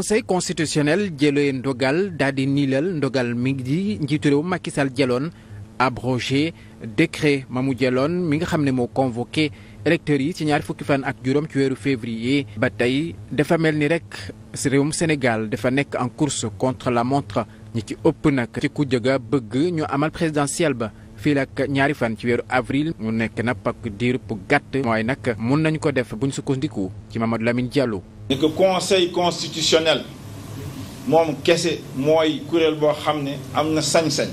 conseil constitutionnel jëlee ndogal daal di niilal ndogal mi di njiitu réew Macky Sall jëloon abrogé décret ma mu jëloon mi nga xam ne moo convoqué électeurs yi ci ñaari fukki fan ak juróom ci weeru février. ba tey dafa mel ni rek si réewum Sénégal dafa nekk en course contre la montre ñi ci ëpp nag ci ku jëga bëgg ñu amal présidentielle ba. fii ak ñaari fan ci weeru avril mu nekk na pak diir bu gàtt. mooy nag mun nañu ko def bu buñ sukkandiku ci Mamadou Lamine Diallo. ne conseil constitutionnel moom kese mooy kuréel boo xam ne am na sañ-sañ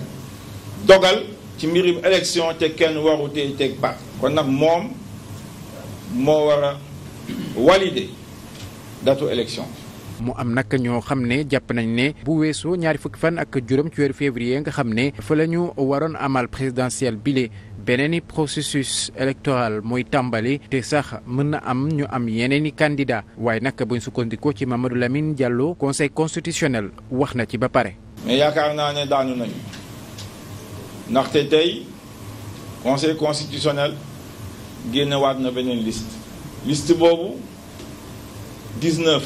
dogal ci mbirum élection te kenn waru tey teg pat kon nag moom moo war a valider datu élection mu am nag ñoo xam ne jàpp nañ ne bu weesoo ñaari fukki fan ak juróom ci weeru février nga xam ne fa la ñu waroon amal présidentielle bile beneen i processus électoral muy tàmbali te sax mën na am ñu am yeneen i candidat waaye nag buñ sukkandikoo ci Mamadou Lamine Diallo conseil constitutionnel wax na ci ba pare. mais yaakaar naa ne daanu nañu ndaxte tey conseil constitutionnel génnewaat na beneen liste liste boobu la.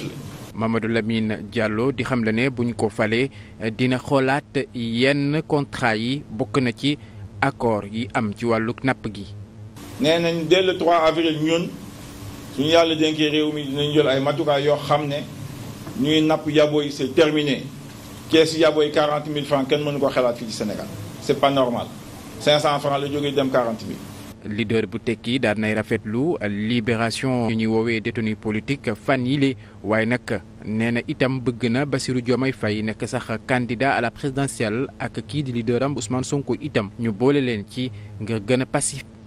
Mamadou Lamine Diallo di xam la ne buñ ko falee dina xoolaat yenn contrat yi bokk na ci accord yi am ci wàllu napp gi. nee nañ dès le 3 avril ñun suñu yàlla dénkee réew mi dinañ jël ay matukaay yoo xam ne ñuy napp yaboo yi c'est terminé keesu yaboo yi 40 000 francs kenn mënu ko xalaat fii ci Sénégal c'est pas normal 500 francs la jógee dem 40 leader bu tekki daal nay rafetlu libération yu ñuy woowee détenu politique fan yile waaye nag nee na itam bëgg na Bassirou Diomaye Faye nekk sax candidat à la présidentielle ak kii di leader am Ousmane Sonko itam ñu boole leen ci ngir gën a passif